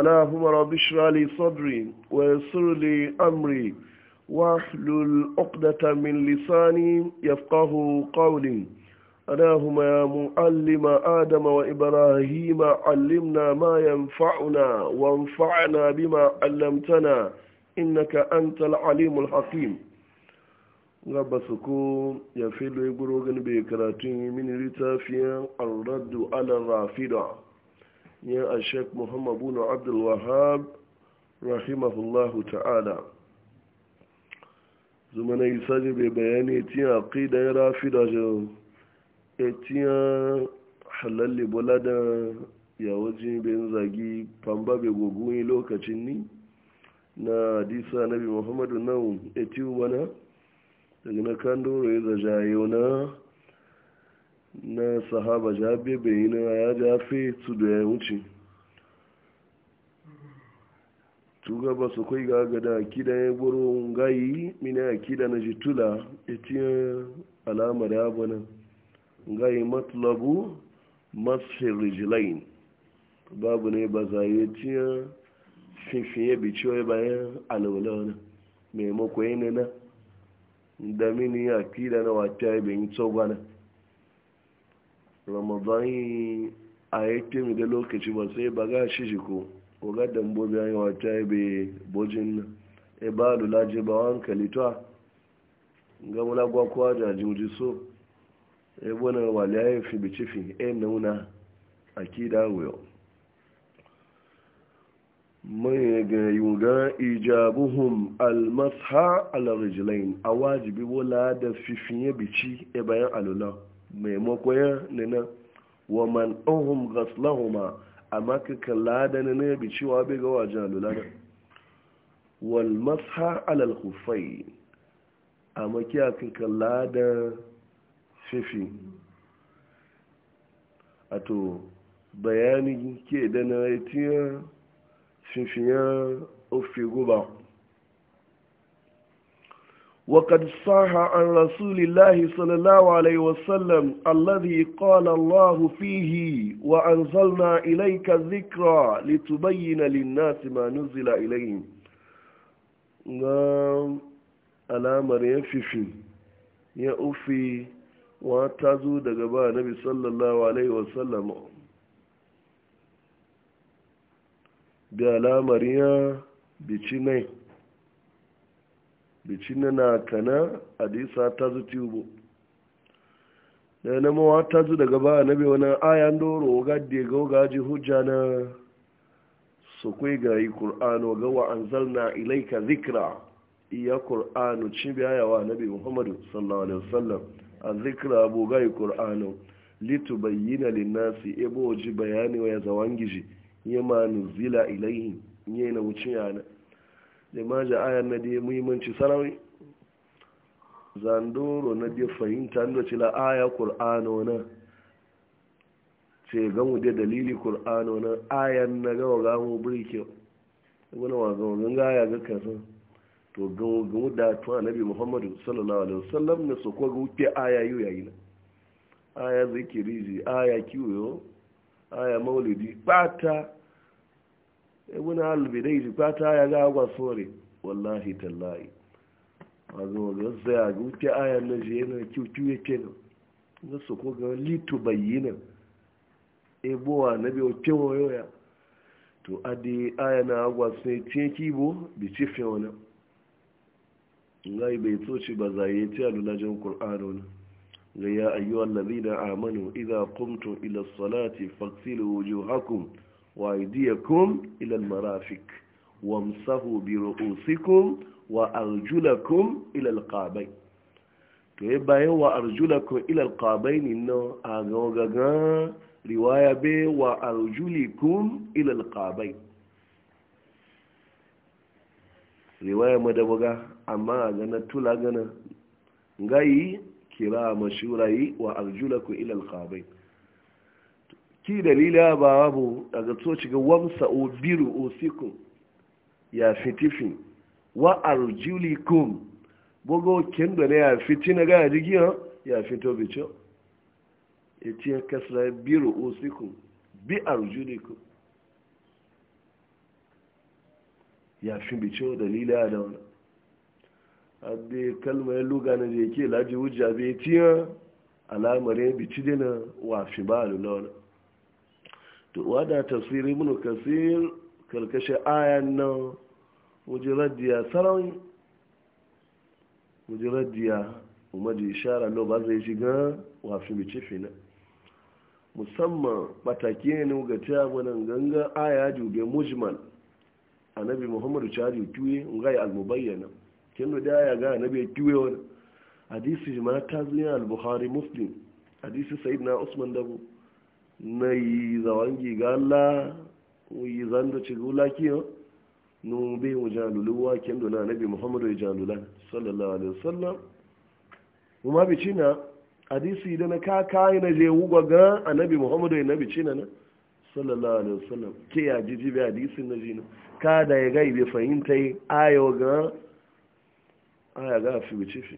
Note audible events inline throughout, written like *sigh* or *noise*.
اللهم رب اشرح لي صدري ويسر لي امري واحلل عقدة من لساني يفقه قولي اللهم يا معلم آدم وإبراهيم علمنا ما ينفعنا وانفعنا بما علمتنا إنك أنت العليم الحكيم gaba su ko ya filo ya guro gani bai karatun yi mini littafiyan arraddu ala rafida ya a sheik muhammad abdul abdulwahab rahimahullahu ta'ala zuma na isa ji bai bayani tiyan aqida ya rafi da shi ya e tiyan halalli bola da ya waje bin zagi famba bai gogoyi lokacin ni na disa nabi muhammadu nan eti bana daga na kan ya zaja yau na na sahaba ja bebe yi na ya ja fi su da ya wuce tuga ba su kai gaga da akida ya gai ngayi mini akida na jitula etiyan alama da abana ngayi matlabu masfir rijilain babu ne ba za yi etiyan finfinye biciyoyi bayan alwala wani maimakon yana na da mini akida na wata ya bayan tsogwana ramadani a yakin da lokaci ba sai ba ga shi ko ko ga dambo yi wata bai bojin e ba lula je ba wani kalitwa ga mula gwakwa da juji so e bona waliya ya fi bicifi e nuna a kida wuyo mai ga yuga ijabuhum almasha ala a wajibi wula da fifiye bici e bayan alulau maimakon ya nina wa man ɗauhun gaslahuma amma ka kalla da yabi cewa bai ga wajen lulana wal masha alal hufai amma kiya ka kalla da fifi a to bayanin ke da na yi tiyar fifiyar ofe guba وقد صح عن رسول الله صلى الله عليه وسلم الذي قال الله فيه وأنزلنا إليك الذكرى لتبين للناس ما نزل إليهم alamar ya fifi ya ufi wa ta zo daga ba nabi sallallahu alaihi wasallam da alamar ya bici nai bicin na kana hadisa ta zu tubu da na mawa ta zu daga ba nabi wani ayan doro ga daga ga ji hujja na su kai ga yi qur'ano ga wa anzalna ilaika zikra iya kur'anu cin na nabi muhammadu sallallahu alaihi wasallam zikra abu ga yi litu bayyana linnasi ebo ji bayani wa ya zawangiji ma nuzila yi na wucin yana limaja ayar na da muhimmanci sarawi zandoro na da fahimta da cila aya kur'ano na ce gamu da dalili kur'ano na ayan na gawa gamu birkin wani wa gawa gaya ga kasan to gamu da tuwa nabi muhammadu sallallahu alaihi wasallam na su kwa rufe aya yi yayi na aya zikiri aya kiwo aya maulidi bata ibuna albidai bidai ji fata ya ga agwa sore wallahi tallahi wazo ga zaya ga wuce ayan na je na kyukyu ke nan na su ko ga litu bayyana ebowa na biyu kewa yoya to adi aya na agwa ne ce kibo bi ci fi wani ngai bai shi ba zaye ta lulajin kur'an wani ga ya ayyuhal lalina amanu idan qumtum ila salati faghsilu wujuhakum wa aydiyakum ila almarafiq wamsahu bi ru'usikum wa arjulakum ila alqabain to e bayan wa arjulakum ila a riwaya be wa arjulikum ila alqabain riwaya madabaga amma ga na tula gana kira mashurayi wa arjulakum ila ki dalila ba babu daga to ga wamsa o biru o siku ya fitifi wa arjulikum bogo kendo ne ya fiti na ga jigiya ya fito bicho etiye kasla biru o siku bi arjulikum ya fi bicho dalila da wani abbe kalma ya luga na je ke laji hujja bai tiya alamarin bici dina wa fi ba lulawar to wada tafsiri mun kasir karkashin ayan nan mujiraddiya sarawin kuma da ishara lo ba zai shiga wafi mace fina musamman mataki ne ga ta abunan ganga aya jube mujmal annabi muhammadu chari tuye ngai al-mubayyana kinu da ya ga annabi tuye wani hadisi ma ta al-bukhari muslim hadisi sayyidina usman dabu na yi zawangi ga Allah yi zanda ci gula kiyo nun bai mu jalulu wa kendo na nabi muhammadu ya jalula sallallahu alaihi wasallam kuma bi cina hadisi da na ka kai na je wuga ga annabi muhammadu ya nabi cina na sallallahu alaihi wasallam ke ya jiji bi hadisin na jina kada ya ga ibe fahimta ayo ga aya ga fi bi cifi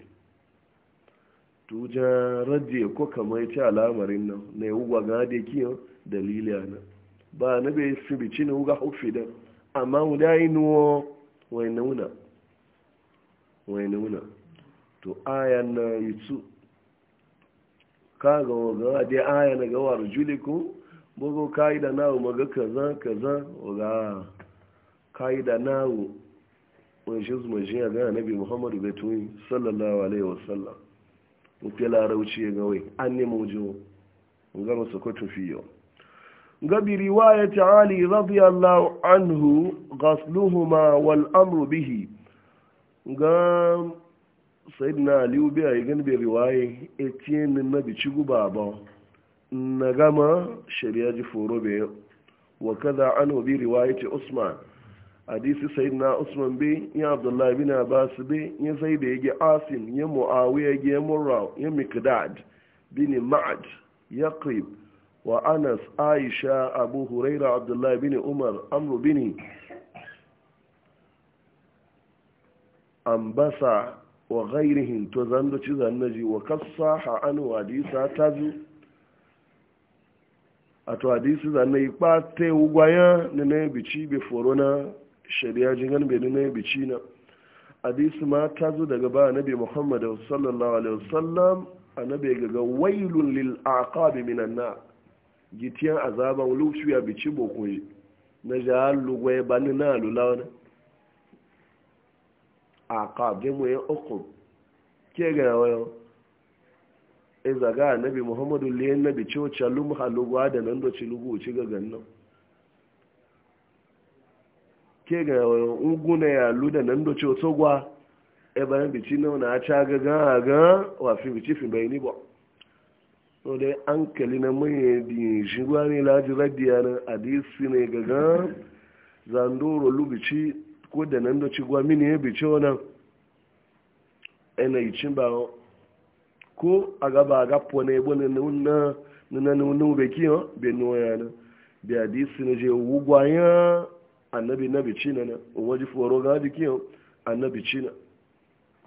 tuja rajje ko kamar ya ci alamarin nan na yi wuwa ga da kiyo dalili na ba na bai fi bici na wuga hufi da amma wuda yi nuwa wai nauna wai wuna? to ayan na yi su ka ga waga da aya na gawar julikun bugu kayi da nawo maga kaza kaza waga kayi da nawo wani shi zuma shi a gana bi muhammadu betuwi sallallahu alaihi wasallam mufi larauci ya gawai an nemo wujo ga masu kwatu fiye gabi riwaya ta ali radiyallahu anhu gasluhuma wal amru bihi ga na aliyu biya yi gani bai riwaye ni na bici guba ba na gama shari'a ji foro bai wa kada an bi riwaya ta usman hadisi na usman bi ya abdullahi bin abbas bi ya da ya asim ya muawiya ya murra ya mikdad, bin ma'ad qib wa anas aisha abu huraira abdullahi bin umar amru bin ambasa wa ghairihim to zando ci ji wa kasaha an hadisa tazu ato hadisi zannaji pa te ugwaya ne ne bici bi forona shari'a jingan bai nuna bici na hadisi ma ta zo daga ba bi Muhammadu sallallahu alaihi wasallam na bai gaga wailun lil aqabi minan na gitiyan azaban lufu ya bici bokoyi na jahallu Lugwai ba ni na lula wani aqab dai mu ya uku, ke ga wayo Izaga na bi muhammadu liyan nabi cewa chalum halugwa da nan da ci lugu ci ga gannan ke ga na ya luda nan da ce wato gwa e bayan bici na wani aca ga a ga wafi bici fi bai ni ba so dai an kali na manye di shi ne laji radiya na adisi ne ga zandoro lu bici ko da nan da ci gwa mini e e e ya bici wani ena yi ba ko a gaba a gafo na ebo na nuna nuna nuna bekiyan benin na da adisi na je wugwayen annabi na bicina na waje foro ga jikin annabi cina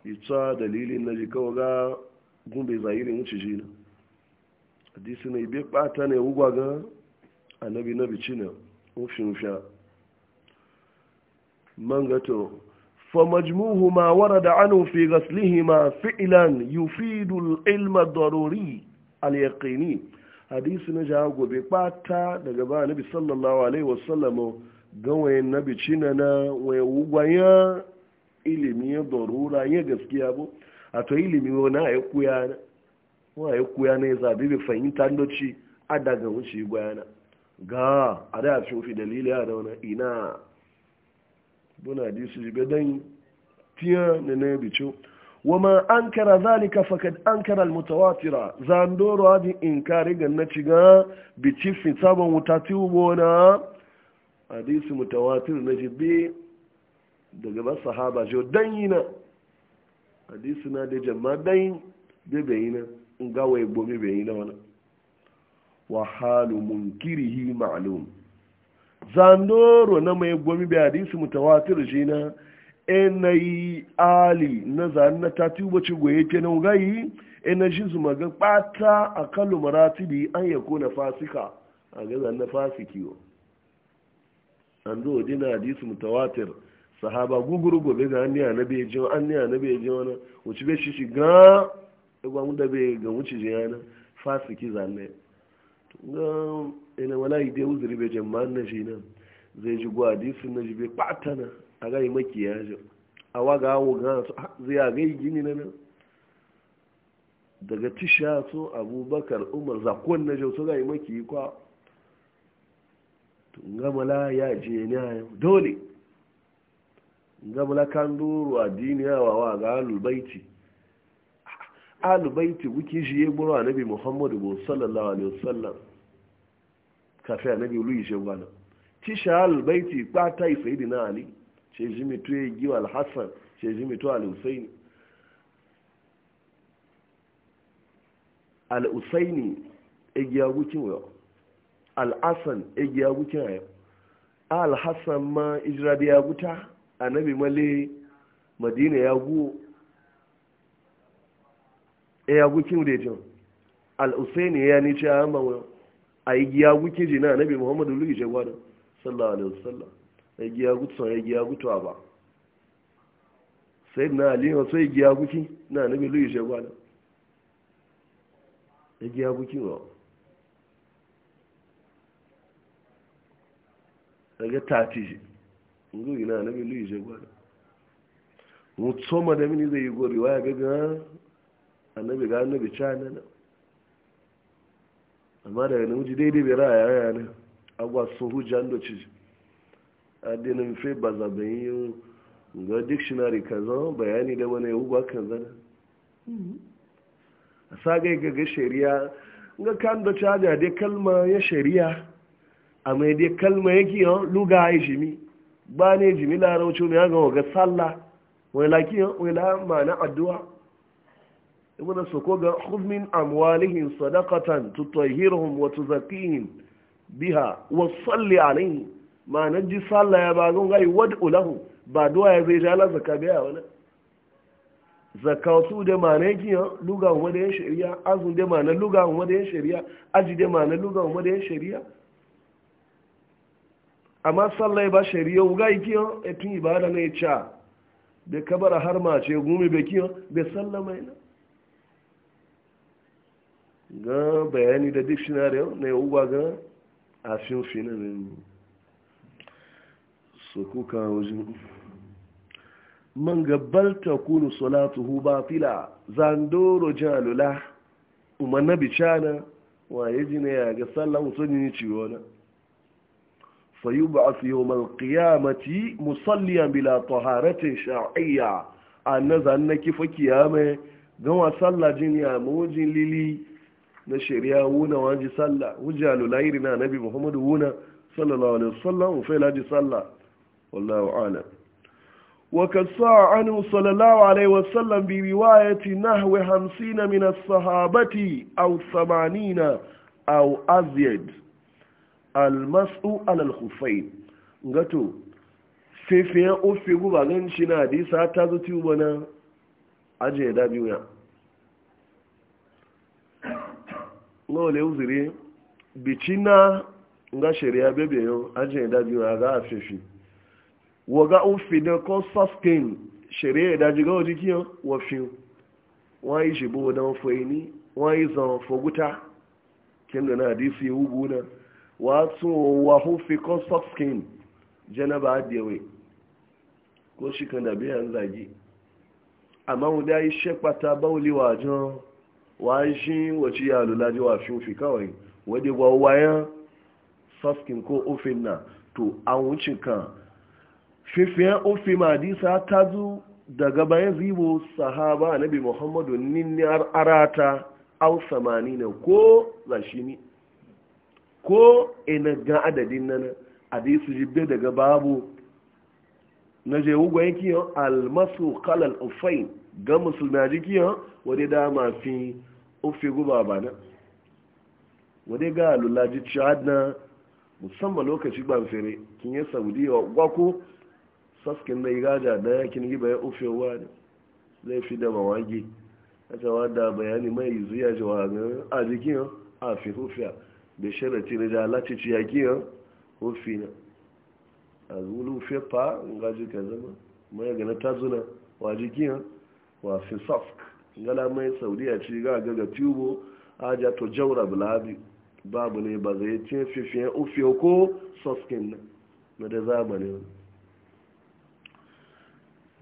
ita dalilin na kawo ga gumbe zahirin ji jina hadisi na ibe kpata ne ugwa ga annabi na bicina ofin-ofin mangato فمجموه ما ma عنه في غسلهما ilma يفيد العلم الضروري hadisi na jihar gobe kpata daga ba annabi sallallahu alaihi wasallam gawaye na bicina na waye wugwaya ilimi ya dorura ya gaskiya bu a to ilimi wani a yi kuya na ya kuya na ya zabi bai fahimta doci a daga wuce bayana ga a da fi ofi dalili a da wani ina buna di su jibe don tiya na na wa ma an kara zalika fakad an kara almutawatira zandoro hadin inkari ganna ciga bici sabon wuta tiwo na hadisi mutawatir na jibi daga ba sahaba jo yi na hadisi na da jama yi da bayi na gawa ya bai bayi na wani wa halu hi ma'alum zandoro na mai gomi bai hadisi mutawatir shi e na yi ali na zane na tati wace goye ke na ina e shi su magan bata a kalu maratibi an na fasika a ga zan na fasiki an zo wajen na hadisi mutawatir sahaba guguru gobe ga anniya na bai ji anniya na bai ji wani wuce bai shi shi ga ɗagwa wanda bai ga wuce ji yana fasiki zanne ga ina wala yi dai uzuri bai jama'an na shi nan zai ji gwa hadisu na ji bai ɓatana a ga makiya ji a waga awo ga zai a ga yi gini na nan daga tisha so abubakar umar zakon na jau so ga yi kwa ngamala ya je ni ayo dole ngamala kan duru addini yawa wa ga alubaiti alubaiti wuki shi ya gburu anabi muhammadu sallallahu alaihi wasallam kafe anabi lu ishe gwana tisha alubaiti pata na ali ce jimi to ya giwa alhassan ce jimi to al alhusaini egiya wukin wa al'asan egiya wuce eh? a al-hassan ma ijirabi ya guta annabi male madina ya gu ya gukin da jin al-usaini ya ni ce a igiya guki ji na annabi muhammadu lugi ce gwada sallallahu alaihi wasallam igiya gutsan igiya gutuwa ba sai na ali wasu igiya guki na annabi lugi ce gwada igiya guki ba daga tati shi ngu ina na bilu ije gwada mutsoma da mini zai yi gori waya gaga annabi ga annabi cana na amma daga namiji daidai bai raya ya ne agwa sun hujja ando ci adina mafi ba zaben yi ga dictionary kaza bayani da wani ya ba kan zana a sagai ga shari'a ga kan da caja dai kalma ya shari'a mai dai kalma yake yau oh, luga ya jimi ba ne jimi larauci ne ya gawa ga tsalla wai laki yawon wai lama na addu'a ibn soko ga huzmin amwalihim sadaqatan tutahhiruhum wata tuzakkihim biha wa a nan ma na ji sallah ya ba gon gai wadda ulahu ba duwa ya zai jala zaka biya wani zaka su da ma ne kiyo oh, luga wa ya shari'a azun da ma na luga wa da shari'a aji da ma na luga wadda ya shari'a amma sallai ba shari'a wuga yi kiyan etun ibada na ya ca da kabara har mace gumi bai kiyan bai mai na. ga bayani da dictionary na ya uba ga a fin finanin su kuka wajen man gabalta kunu hu ba fila zandoro jalula umar na bicana waye jini ya ga sallan mutum ne ciwo na فيبعث يوم القيامة مصليا بلا طهارة شرعية النزع أنك فكيامة دون صلى جنيا موج للي نشريا ونا وانجي صلى وجعلوا ليرنا نبي محمد ونا صلى الله عليه وسلم وفيلا جي صلى والله أعلم وقد عنه صلى الله عليه وسلم برواية نحو خمسين من الصحابة أو ثمانين أو أزيد almasu alal hufain gato fefiyan ofe guba gan shi na hadisa ta zo tiwo bana ajiye da biyu ya lọ́wọ́lẹ̀ òzìrí na ga nga shari'a bebe yau ajiye da biyu a ga Wa ga ofe da kan saskin shari'a da ga wa jiki yau wafin wọ́n yi shi bo don fa'ini wọ́n yi zan foguta kin da na hadisi ya hugu na wato wahu fikon soft skin janaba wai ko shi kan dabe yan zagi amma mu ya yi shekwata bauli wajen wa shi wace ya lulaje wa fi fi kawai wadda wawayan soft skin ko ofin na to an wuce kan fifiyan ofi disa ta zu daga bayan zibo sahaba nabi muhammadu ninniyar arata au samani ko zashini ko ina ga adadin nan hadisu jibbe daga babu na je wugo yake yon almasu kalal ufain ga musulmi jiki yon wadai da mafi ofe guba ba na wadai ga alulaji chad na musamman lokaci ban fere kin yi wa gwako saskin da igaja da yakin yi bayan ofe wa ne zai fi da mawagi a cewa da bayani mai zuya jawa a jikin a fi hufiya da sharati na jala ce ci yakiya ko fina a zulu fefa in ka zama mai gana ta zuna wa jikiya wa fi safk gala mai saudiya ci ga gaga tubo aja to jawra bulabi babu ne ba zai ce fifiyan ufiyo ko soskin na da zamanin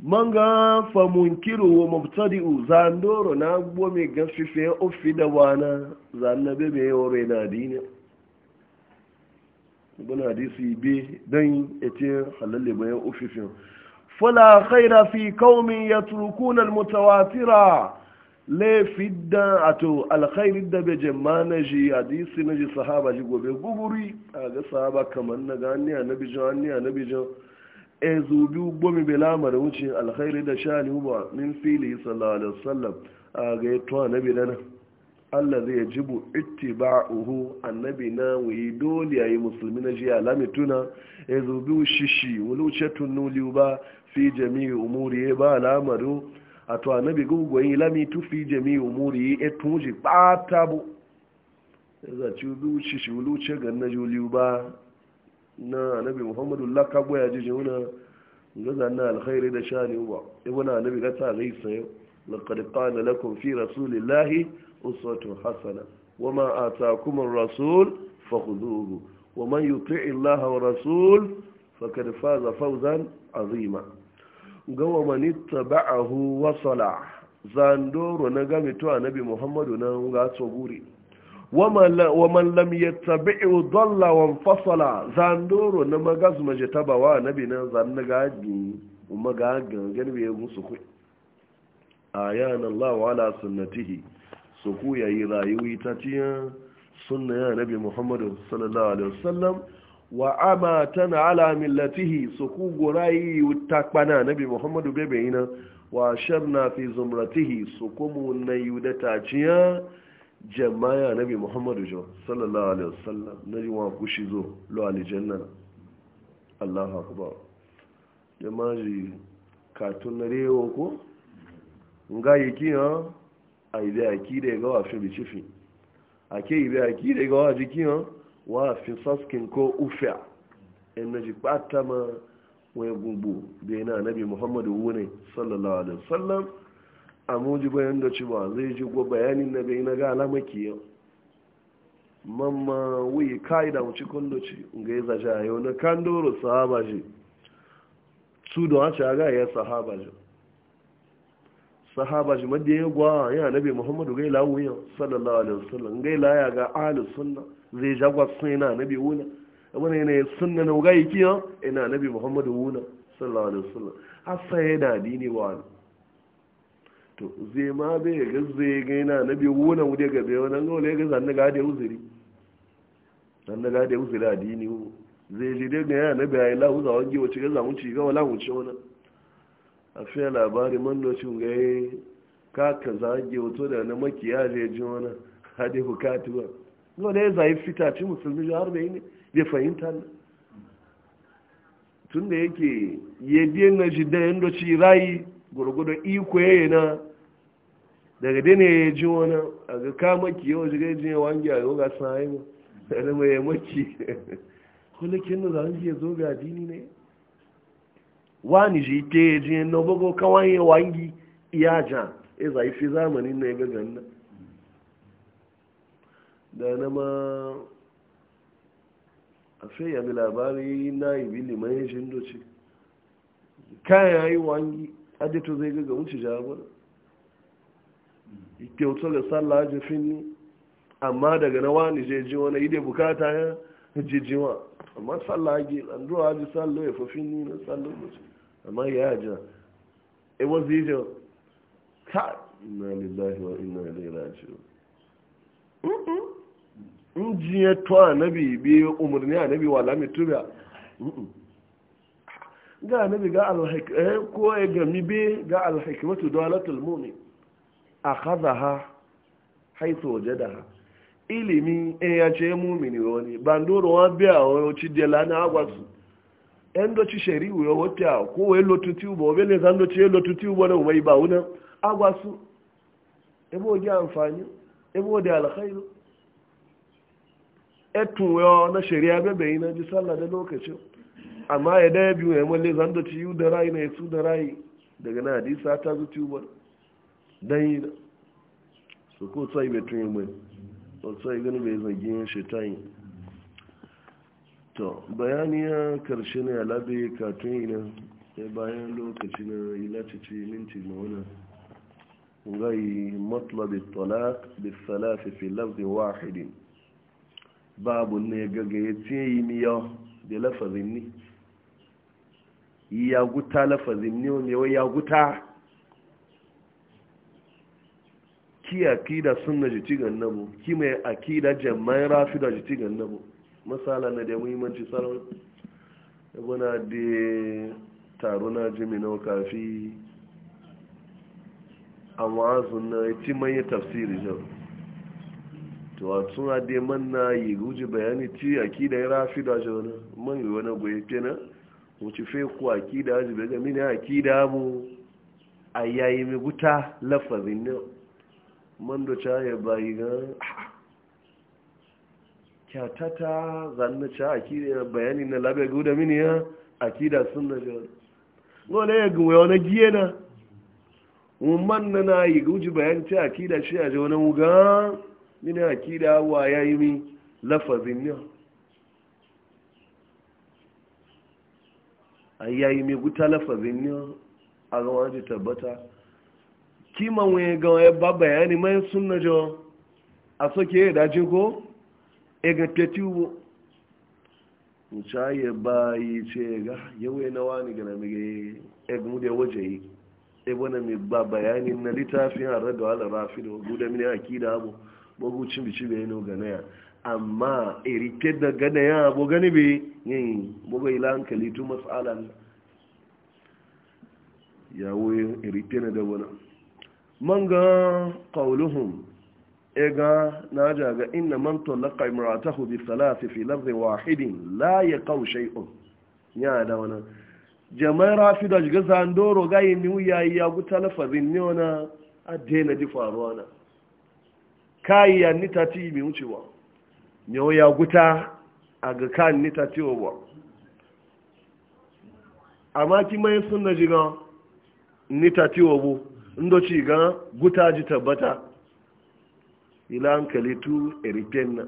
manga fa munkiru wa mubtadi'u zandoro na gbo me gafife ofi da wana zannabe me yore na dina bana hadisi bi dan ete halalle bayan ofifin fala khaira fi qaumin yatrukuna almutawatira la fidda ato alkhairi da be jamana ji hadisi na ji sahaba ji gobe guguri ga sahaba kaman na gani annabi jo annabi jo e zubi gomi belama da wuce alkhairi da shani uba min fili sallallahu alaihi wasallam a ga yato annabi nan Allah zai jibu ittiba'uhu annabi na wi dole yayi musulmi na jiya lamituna e zubi shishi wuluce tunu ba fi jami'i umuri e ba lamaru a to annabi lami tu fi jami'i umuri e tunji patabu za ci shishi shi wuluce ga na juliu ba na nabi muhammadu laka goya ji juna gaza na alkhairi da shani ba ibn e nabi ga ta gai sai laqad qala lakum fi rasulillahi uswatun hasana wama ataakum ar-rasul fakhudhuhu waman yuti'i allaha wa rasul faqad faza fauzan azima gawa man ittaba'ahu wasala zandoro na gami to annabi muhammadu na ga tsoguri waman lam yattabi'u dalla wa fasala zandoro na magaz maje tabawa nabi nan zan naga gi umma ga gangan be musu ku ayana Allah wa ala sunnatihi su ku yayi rayuwi ta tiya sunna ya nabi Muhammad sallallahu alaihi wasallam wa amatana ala millatihi su ku gorayi takpana wa fi na jama'a nabi muhammadu jo sallallahu alaihi wasallam na yi wa kushi zo lo alijanna allahu akbar jama'a ji katun na ko nga yi ki ha a ibe aki da ga wafin bicifi a ke ibe aki da ga wafi ki ha fi saskin ko ufiya in ji patama ma wani gumbu da nabi muhammadu wune sallallahu alaihi wasallam a muji bayan da ci ba zai ji go bayanin na bai na ga alama kiyo mamma wuyi kai da wuce kondo ci ga yaza ja yau na kandoro sahaba ji su da wace ga ya sahaba ji sahaba ji madda ya gwa ya nabi muhammadu ga lawo ya sallallahu alaihi wasallam ga la ya ga ahlus sunna zai jagwa sunna nabi wuna wani ne sunna na ga yi kiyo ina nabi muhammadu wuna sallallahu alaihi wasallam asa yana dini wa to zai ma bai ga zai ga yana na biyu wunan wude ga bai wani ga ga zanna ga da uzuri zanna ga da uzuri adini zai ji dai ga yana bai ai lahu zawan gi wace ga zamu ci ga wala wuce wani a fiye labari man lokacin ga ka ka zage wato da na makiya zai ji wannan hade bukatu ba ga ya zai fita ci musulmi har bai ne bai fahimta ne tun da yake yediyen na shi da yando ci rayi gwargwado iko yayi na daga dina ya ji wani a ga kamaki yau shiga ji ya wangi a yau ga sa'ayi ma da mai maki *laughs* kulikin da zan ya zo ga dini ne wani ji ke ya ji na bugu kawai ya wangi iya ja ya zai zamanin na ya ga ganna da na ma a fiye labari na ibi liman ya shi ndoci kayan ya yi wangi adito zai gaga wuce jawabar kyautar da sallah aje finni amma daga na wani je ji wani ide bukata ya ji jiwa amma sallah aje, ɗanduwa ji sallah ya fa finni na sallah wuce amma ya yaja e wasu yi jau ka ina lillahi wa ina ilai rajiyo in ji ya to a nabi biyu umarni a nabi wa lamitu ba ga annabi ga alhikmatu eh, ko ya e gami be ga alhikmatu dalatul mu'min akhadha haithu wajadaha ilimi e ya ce mumini wani bandoro wa o wa ci dela na agwasu en do ci sheri wo wata ko we lotuti ubo be le zan do ci e lotuti ubo na umai ba una agwasu e bo ji amfani e bo da alkhairu etun wo na shari'a bebe ina ji sallah da lokacin amma ya daya biyu ya malle zan da ci da rayu na ya su da rayu daga na hadisa ta zuci ba don yi da su ko sai bai tun yi mai sai gani bai zagi yin shetan to bayani ya karshe na alabe katun yi nan ya bayan lokaci na ilacici minti ma wani غي مطلب الطلاق بالثلاث في لفظ واحد باب النيجاجيتي da lafazin ni. ya guta lafazin ne mewa ya guta ki akida sunna jiti gannabu ki mai akida rafi da jiti gannabu misala na da muhimmanci sarari ibuna da taro na jimi na kafi a wa'azun na ya ci manye tafsiri jau to a suna da manna yi guji bayani ti akida ya da jau na manyan yi wani goye kenan wuce fe ku akida wajen daga mini akida mu a yayi mai guta lafazin ne man da ya bayi ga kyatata zanna ca akida bayani na labe ga da mini ya akida sun Na jawar wani ya gwa wani giye na umar na na yi guji bayani ta akida shi a jawar wuga mini akida wa yayi mi lafazin ne a yayi mai guta lafazin ne a ga da tabbata kiman wani ga wani ba bayani mai sunna jo a soke ya daji ko a e ga tetiwo mucaye ba yi ce ga yawai na wani gana mai e gumu da waje yi e bana mai ba bayani na littafin harar da wala rafi da gudu da mini akida abu bugu ya bici bayanin ganaya amma irike da gane ya bo gani be yin buga ila hankali tu mas'alan ya woye irike na da wani man ga e ga na ja ga na man talaqa imra'atahu bi thalath fi lafz wahidin laye yaqaw shay'un ya da wani rafi da shiga zandoro ga yi wuya ya guta lafazin ne wani adena ji faruwa na kai ya ni tati mi wucewa yau ya guta a ga kan ni ta ciwo ba amma ki mai sun na jiga ni ta ciwo bu ndo ci ga guta ji tabbata ila hankali tu eripen na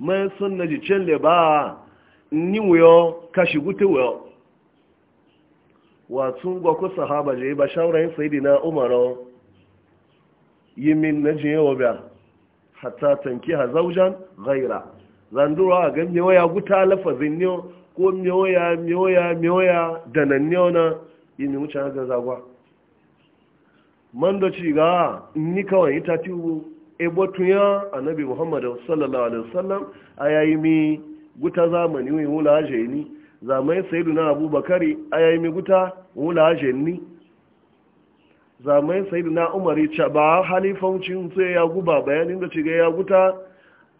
mai sun na ji da ba ni wuyo kashi guta wuyo Wasu gwa ko sahaba je ba shawarayin sayidina umaru yi min na wa biya hatta tanki ha zaujan ghaira zandura a ga waya guta lafazin ne ko me waya me waya da nan ne na mu cha ga zagwa man da ci ga ni kawai ita tiwu ebotun ya annabi muhammad sallallahu alaihi wasallam a mi guta zamani wula jeni zamai sayyiduna abubakari a mi guta wula jeni Zamai, sayidu na umari ce ba cin, sai ya guba bayanin da ga ya guta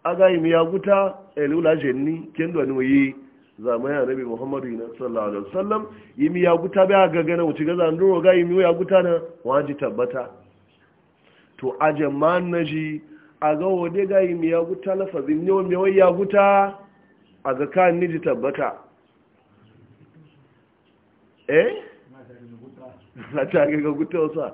agayim ya guta elula jenni kendo ni yi a annabi muhammadu yi na sallallahu alaihi wasallam mi ya guta bai ga gana wuce ga zanduro ga mi ya guta na waji tabbata to a jama'an na ji a ga wade ga yimi ya guta lafazin ne wa wai ya guta a ga kan ni ji tabbata eh na ta ga gutosa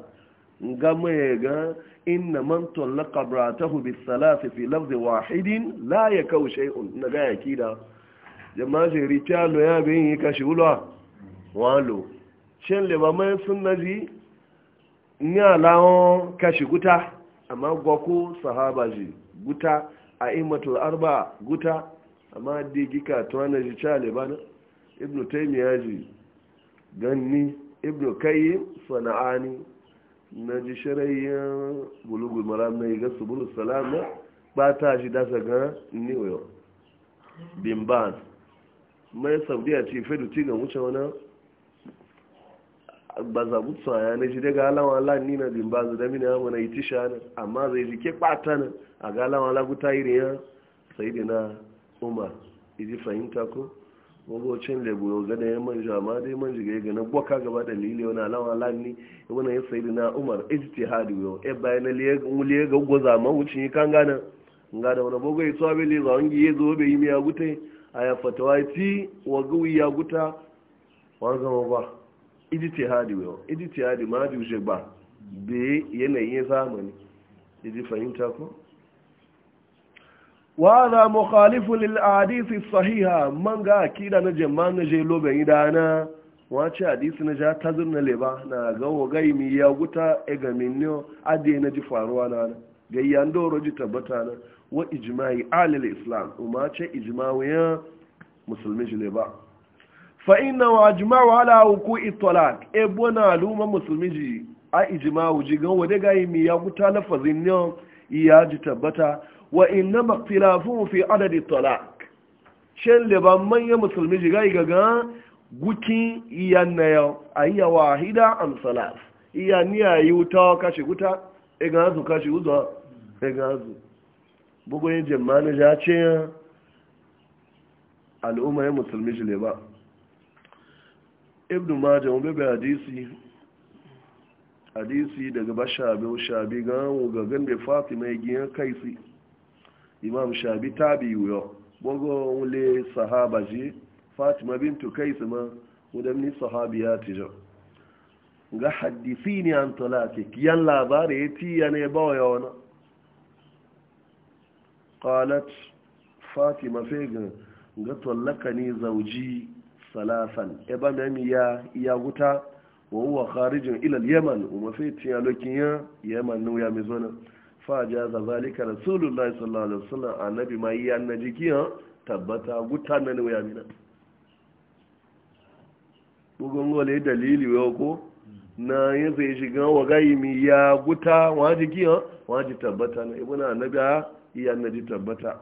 ga mai ga inna man tallaka bratahu bis salasi fi lafzi wahidin la yakau shay'un na ga yakida jama'a je ritalo ya bin yi kashi ulwa walo shin le ba mai ni alawon kashi guta amma gwako sahaba ji guta a imatul arba guta amma digika tuwa na ji ca lebana ibn taymiya ganni ibn kayyim sana'ani na ji shirayen bulugul maram na iga subulu salam na ba ta shi dasa ga new york bimban mai saudiya ce fedu ti ga wuce wani ba zabu tsaya na ji daga alawan ala ni na bimban zu dami na mana yi tisha na amma zai ji ke kpata na a ga alawan ala guta iri ya sai na umar iji fahimta ko magocin da buyo gada ya manja ma dai manja ga gana boka gaba da lili wani alama lanni wani ya sayi na umar ijtihadi yo e bayan na liye ga gwaza ma wucin yi kan gana nga da wani bogo ya tsawa bai leza wani ya zo bai yi miya gute a ya fata fatawa ti wa gawi ya guta wa zama ba ijtihadi yo ijtihadi ma ji wuce ba bai yanayin zamani ya ji fahimta ko وهذا مخالف للأحاديث الصحيحة من قال أكيد أنا جمال نجي لو بعيد أنا wace hadisi na ja ta zurna leba na ga wagai mi ya guta e ga minno ade na ji faruwa na na ga yan doro ji tabbata na wa ijma'i alil islam umma ce ijma'u ya musulmi ji leba fa inna wa ajma'u ala wuqu'i talaq e bona luma musulmi ji a ijma'u ji ga wade ga mi ya guta lafazin ne ya ji tabbata wa inna maktilafun fi adadi talak shan liban manya musulmi shiga yi gaga guki iyan na yau a yi yawa hida amsalas iya ni yi wuta kashe guta igan e su kashe uzo igan e su bugun yin jimani ya ce al'umma ya musulmi shi liba ibn majah wani bebe hadisi hadisi daga bashabe shabi ga wugagen da fatima ya giyan su imam shabi biyu yo bogo wule sahaba ji fatima bintu su ma ya sahabiya tijo ga ne an talakik yan labarai ya tiya ne ba ya wani qalat fatima fegin ga tallaka ni zauji salasan eba mami ya iya wuta wa huwa kharijin ilal yaman umma fi tiyalokin ya yaman nu mai mizona faja za zalika rasulullahi sallallahu alaihi wasallam annabi ma yi na jiki tabbata guta na waya mina bugun gole dalili wa ko na yin zai shiga wa gayi mi ya guta wa jiki ha ji tabbata na ibn annabi ha iya na ji tabbata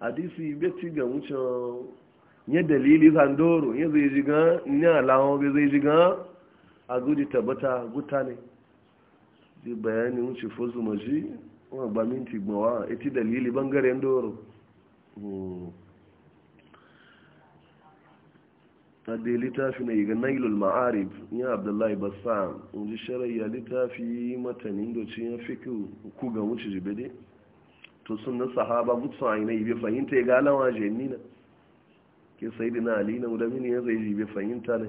hadisi be ci ga wuce ne dalili sandoro yin zai shiga ni alawon bai zai shiga a guji tabbata guta ne ti bayani wuce fosu maji wani ba minti gbawa iti dalili bangaren doro hmm. a da littafi na iga nailul ma'arif ya abdullahi bassam in ji sharayya littafi matanin docin ya fi ku ga wuce jibede to sun na sahaba mutu a yanayi bai fahimta ya galawa jenina ke sai na alina na ya zai jibe fahimta ne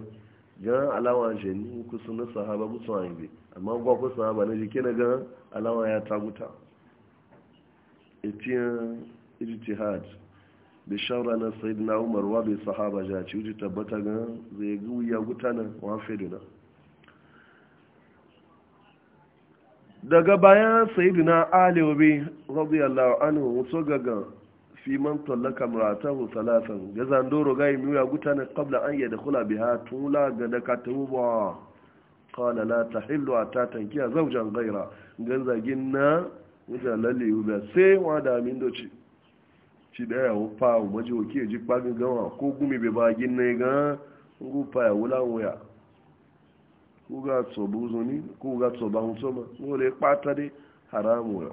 gan alawa je ni na sahaba bu sun aibe amma gwa ku sahaba na jike na gan alawa ya taguta etiyan ijtihad da shawara na na umar wa bi sahaba ja ci uji tabbata gan zai gu ya gutana wa na daga bayan sayyidina ali wa bi radiyallahu anhu so gaggan fi man tallaka muratahu salasan ya zandoro gai miya gutane qabla an yadkhula biha tula ga da katuba qala la tahillu atatan kiya zawjan ghaira gan zagin na wajen lalle yuba sai wa da min doci ci da ya wufa wa maji wake ji pagin gawa ko gumi be bagin ne ga ngufa ya wula wuya ku ga tsobu zuni ku ga tsoban soma ngole patade haramu ya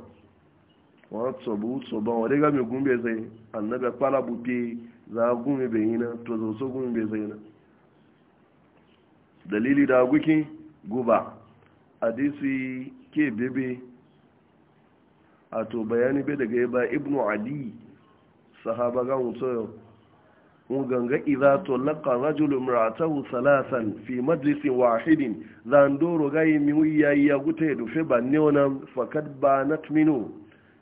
wọ́n tọ̀bù tọ̀bọ̀ wọ́n dé gámi gún bẹ́ẹ̀ sẹ́yìn ànábẹ́ pálábù pé zagún mi bẹ̀yìn náà tọ̀tọ̀ sógún mi bẹ́ẹ̀ sẹ́yìn náà dalili da gukin guba hadisi ke bebe a to bayani bai daga ya ba ibnu ali sahaba ga mutoyo mun ganga idza talaqa rajulun imra'atahu salasan fi majlisin wahidin zan doro ga yi mi wiya ya gute dufe banne wannan fakat banat minu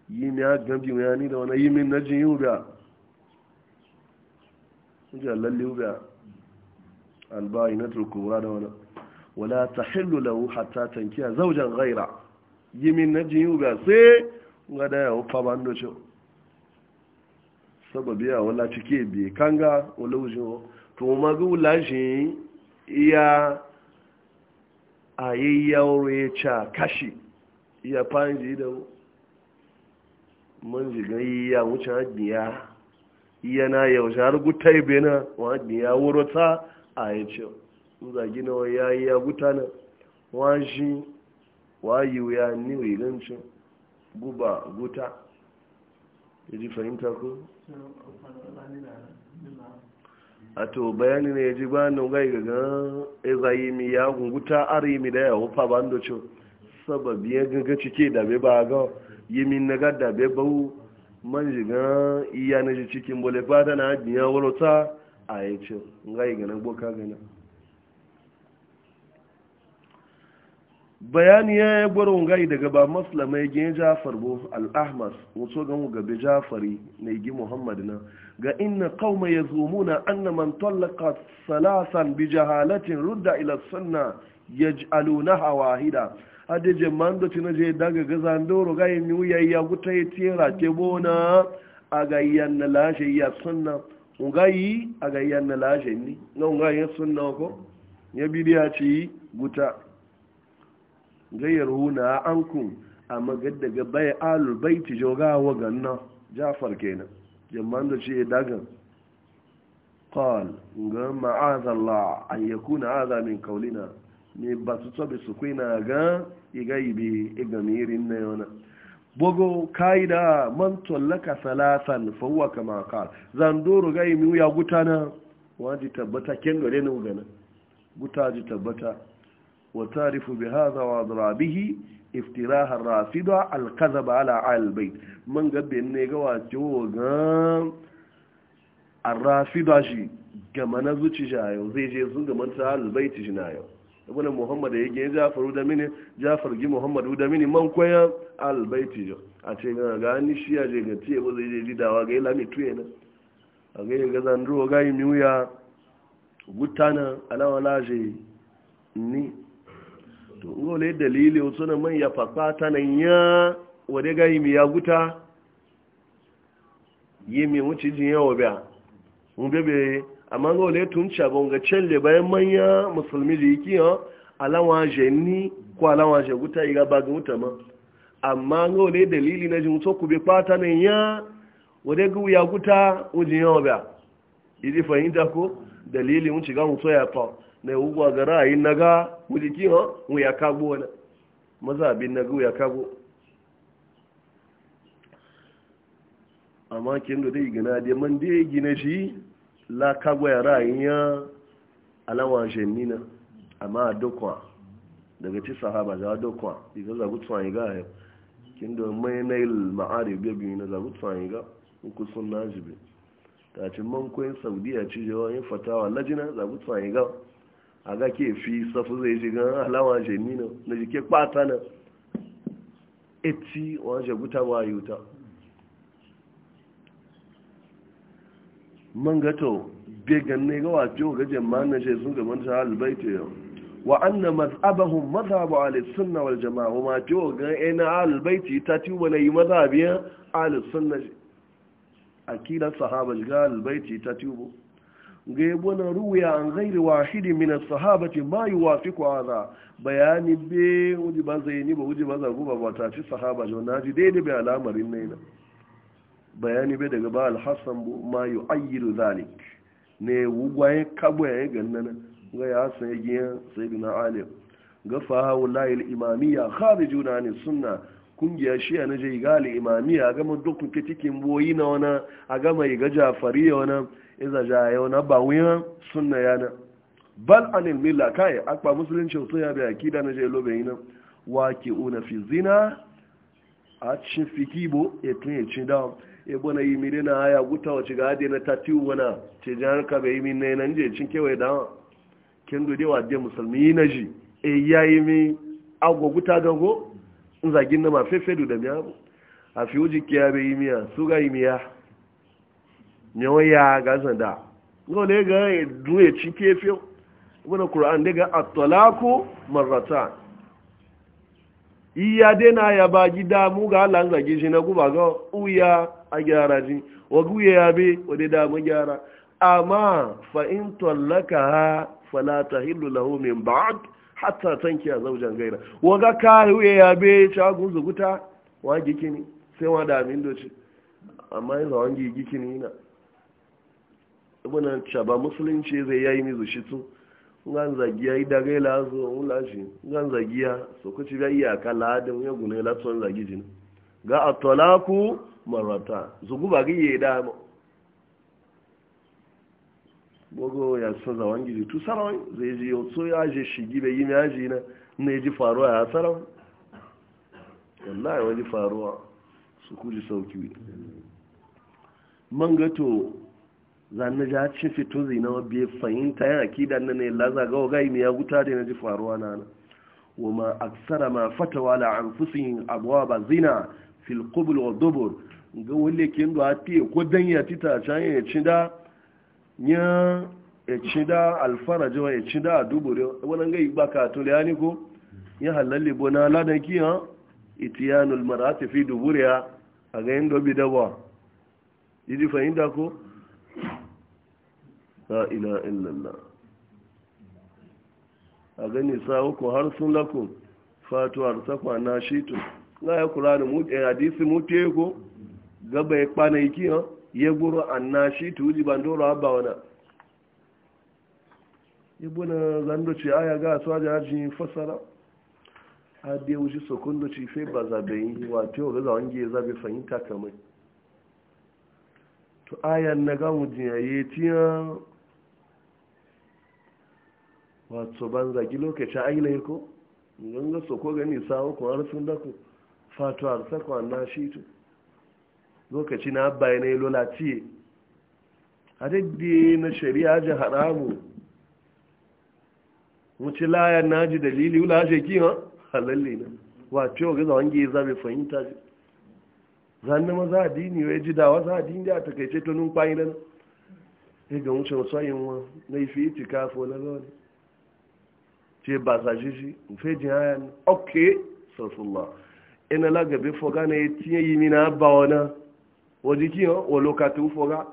yi mi a gambi wani da wani yi min na jin yi ji allalli lalle ubiya albayi na turkura da wani wala ta hillu lahu hatta tankiya zaujan gaira? yi min na jin yi ubiya sai ga daya yawo fa bando ce sababi ya wala cike bi kanga wala ujin to ma ga wula shi iya yawon ya ca kashi iya fanji da man jiga ya wuce hajjiya na yaushe har guta ibe na wani ya wuro ta a ya ce zagi na wa ya yi ya guta na wani shi wayi ya ni rigancin guba guta ya ji fahimta ko? a to bayani ne ya ji ba na gai gaga ezayi mi ya gunguta arimi da ya hufa ba ndo cin ya gaga cike da bai ba gawa yi min na gada bai bau man jiga iya na ji cikin bole fata na hajjiya ta a yi ce ga yi gana gboka gana bayani ya yi gwaron gai daga ba maslama gina jafar bu al'ahmas wato gan gabe jafari na igi muhammad na ga inna kauma ya zumu na annama tallaka salasan bi jahalatin rudda ila sunna ya ji aluna hawahida je mando tino je daga gaza ndoro ga yin wuya ya guta ya tera ke bona aga yanna la lashe ya sunna ungayi aga yanna la lashe ni na ungayi ya sunna ko ya bidiya ci guta gayar huna ankum amma gaddaga bai alul baiti joga wa ganna jafar kenan jamman da ce daga قال ga الله أن يكون هذا من قولنا ni ba su tsobe su kai ga igayi bi igamirin na yana bogo kaida man tallaka salatan fa huwa kama qal zanduru ga mi ya gutana waji tabbata ken gare ne ugana guta ji tabbata wa tarifu bi hadha wa adrabihi iftiraha rafida alkazaba ala alba'i. man gabe ne ga wace ga arrafida shi gama na zuci jayo zai je zunga manta albayt shi na yau ibn muhammad ya gina jafaru da mini jafar gi muhammad da mini man koya albaiti jo a ce ga ni shi ya je ga tiye ba zai je lidawa ga ila mi tuye na a ga ga ga gutana alawa laje ni to ngole dalili wato na man ya fakata nan ya amma ga wale tun shagon ga celle bayan manya musulmi da yake yan alawa jenni ko alawa jaguta iga ba ga wuta ma amma ga wale dalili na jin ku bi pata ne ya wade gu ya guta ujin yawa ba idi fahimta ko dalili mun shiga mun ya fa na ugwa ga ra'ayin naga mujiki ho mu ya kago na maza bin naga ya kago amma kin da dai gina da man dai gina shi la kagwaya ra'ayin alawan jennina amma a dokwa daga ci sahaba za a dokwa iga zagutsuwa iga ya yau kin da mai na yi ma'ari bebi na zagutsuwa iga uku sun na jibi ta ci mankoyin saudiya ci jawa yin fatawa lajina zagutsuwa iga a ga ke fi safu zai ji gan alawan jennina na jike kpata na eti wa guta wa yuta man gato began ne ga wato ga jama'an na sun gaban ta albaitu yau wa anna mazhabahum mazhabu ahli sunna wal jama'a wa ma to ga ina albaiti ta ci wala yi mazhabiya ahli sunna akida sahaba ga albaiti ta ci bu ga yabo na ruwaya an ghairi wahidi min as-sahabati ma yuwafiqu hadha bayani be wuji ba zaini ba wuji ba zagu ba ta ci sahaba jo naji daidai bai al'amarin ne na bayani bai daga ba Hassan bu ma yi ayyiru zalik ne wugwaye kabo ya yi gannana ga ya san ya giyan sai na alim ga fahawu layil imamiya khari juna ne suna kungiyar shiya na jai gali imamiya gama dukkan kitikin boyi na wana a gama yi gaja fari ya wana iza jaya wana ba wuyan suna yana bal anil milla kai akpa musulunci sun ya biya kida na jai lobe yana waki una fi zina a cin fikibo etun ya cin dawa ya bana yi mire na haya guta wace ga hade na tatiyu wana ce jihar ka bai yi min na yanan je cin kewaye da kin dode wa je musulmi yi na ji e ya yi mi agwa guta gango in zagin na ma fe da miya a fi wuji ya bai yi miya su ga yi miya wa ya ga zanda ga ne ga e duniya e cin kefe wani kur'an daga atalaku marratan iya dena ya ba gida mu ga Allah zage ji na guba ga uya a gyara ji wa guya ya be wa da mu gyara amma fa in tallaka falata tahillu lahu min ba'd hatta tanki ya zaujan gaira wa ga ka uya ya be ta gunzu wa gikini sai wa da min doci amma yanzu wangi gikini na ibn chaba musulunci zai yayi mizu shi tun ngan zagiya idaga ila zo wula shi ngan zagiya so ku ci biya ka ladin ya gune la ton zagi jin ga atolaku marata zugu ba gi da bogo ya so za wangi ji tu sarawai zai ji yo so ya je shigi be yimi aji na ne ji faruwa ya saraw wallahi wani faruwa su kuji sauki Mangato. to zanna ja cin fito zina wa biye fahimta yana akida nan ne laza ga waga ne ya guta da ji faruwa na na wa ma aksara ma fatawa la anfusihim abwaba zina fil qubul wa dubur ga wale kin do ati ko dan ya tita can ya cinda nya ya da alfaraja wa ya ci cinda dubure wannan ga ba ka Ya yani ko ya halalle bona ladan ki ha itiyanul mar'ati fi duburiha a ga yin dobi dawa idi fahimta ko la ila illallah a gani sa'uku har sun lakum fatuwar sakwa na shitu na ya kula da muke eh, hadisi muke ko gaba ya kwana iki ha ya guru an na tu ji ban doro abba wana ibu na zandoci aya ga su aji hajji fasara a ya wuce sokundo doci sai ba zabe yi wato yau gaza wange ya zabe fahimta kamar to ayan na gamu jiyayye tiyan wato ban zagi lokacin ainihin ko ganga so ko gani sawo ko har sun daku fatu har sako na shi tu lokaci na abba ne lolaci a daidai na shari'a ji haramu wuce layan na ji dalili wula ashe ki ha halalle na wato ga zawon gi zabe fahimta ji zanne a dini wai ji dawa za addini da takaice tunun numfayi nan ya ga wuce wasu ayin wa na ifi kafo na lori. ce ba sa shi shi fe ji ok sassulla ina lagabe foga na ya tiye yi mina ba wana waje ki wa lokacin foga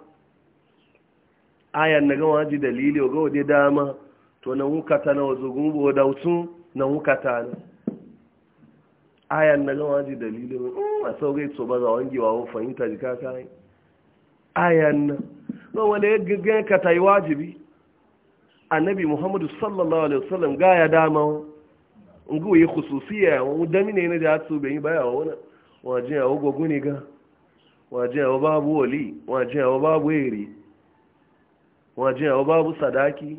ayan na gawa ji dalili ga waje dama to na hukata na wazo gumbo da sun na hukata na ayan na gawa ji dalili mm, a saurai so ba za wangewa wa fahimta jika kayan ayan na ka ta yi wajibi annabi muhammadu sallallahu alaihi wasallam ga ya dama ga yi khususiyya wa dami ne na da su bai baya wa wani waje ya gogo ne ga waje ya babu wali waje ya babu iri waje ya babu sadaki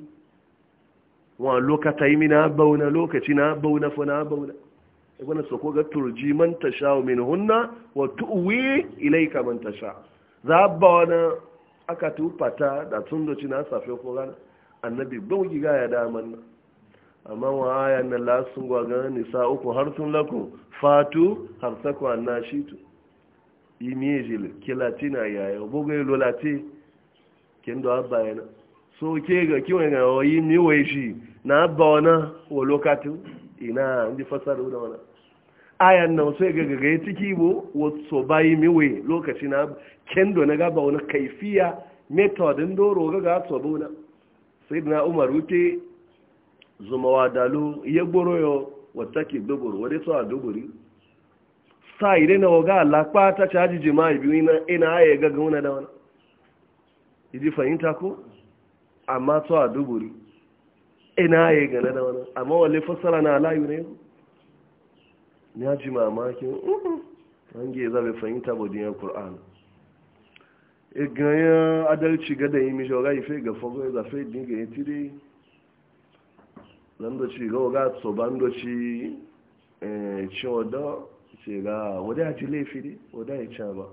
wa lokata yi mina bauna lokaci na bauna fa na bauna ibn e sako ga turji man tasha min hunna wa tuwi ilayka man tasha zabba wana aka tufata da tundo na safe ko gana. annabi ban ga ya daman nan amma wa aya na lasun gwaga nisa uku har sun laku fatu har saku anna shitu e ya kilatina yaya bugai lolati kin do abba ya na. so ke ga kiwon ga yi ni wai shi na abba wana wa lokati ina ndi fasaru da wana aya nan sai ga ga tiki bo wato bayi mi wai lokaci na kendo na gaba wani kaifiya metodin doro ga ga tsobona sayidina umar wuce zumawa dalu ya gboro yo wata ke dogoro wadda su a dogori sa ire na waga alapa ta caji jima'i biyu na ina aya gaga wuna da wana? iji fahimta ko amma su a dogori ina aya gana da wana? amma wale fasara na alayu ne ya ji mamakin wange zabe fahimta bodin ya kur'anu ganyen adalci gada yi mi shoga ife ga fagon zafe dinga ya tire nan da ci gawa ga tsoban da ci eh, ci wada ce ga wada ya ci laifi ne wada ya ca ba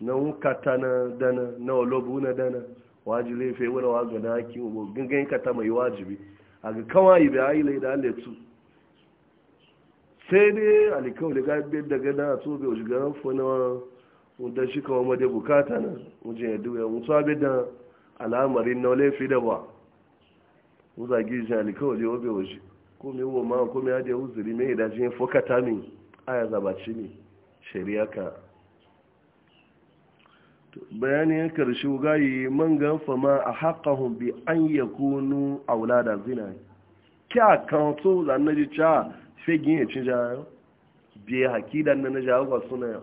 na wukata na dana na olobu na dana waji laifi wani waga na haki ubo gangan kata mai wajibi a ga kawai bai ayi lai da halittu sai dai alikawai da gabe daga na so bai wajen garan fonawa wadanda shi kawo mada bukata na wajen ya duya musu abin da al'amarin na fi da ba wuza gizi shi alikawar yau bai waje ko mai wa ma ko mai hajji ya huzuri mai idajen ya fokata min aya zabaci ne shari'a ka bayanin ya karshe gayi man ganfa ma a haƙahun bi an yi kunu a wula da zina kya kan so na ji ca fegin ya ci jayo biya haƙidan na na jawo suna yau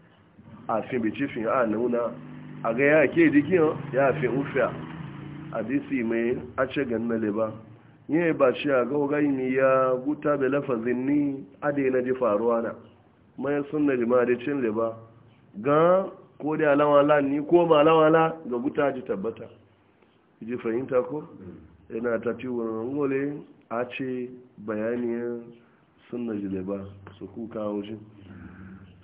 àfin bìtì fi hàn lóhùn náà àgẹ́yà àkéèdè kí hàn yà àfin ń fẹ́ àdísì mai àṣẹ́gàn náà lè bá mm. yẹn bá ṣe àgọ́gá yìí ya gúta bẹ̀ lẹ́fàzin ní adé na ji faruwa na mai sun na jima da cin lè bá gan ko dai alawala ni ko ma alawala ga guta ji tabbata ji fahimta ko yana ta ciwon a ce bayaniyar sun na ji lè bá su kuka wajen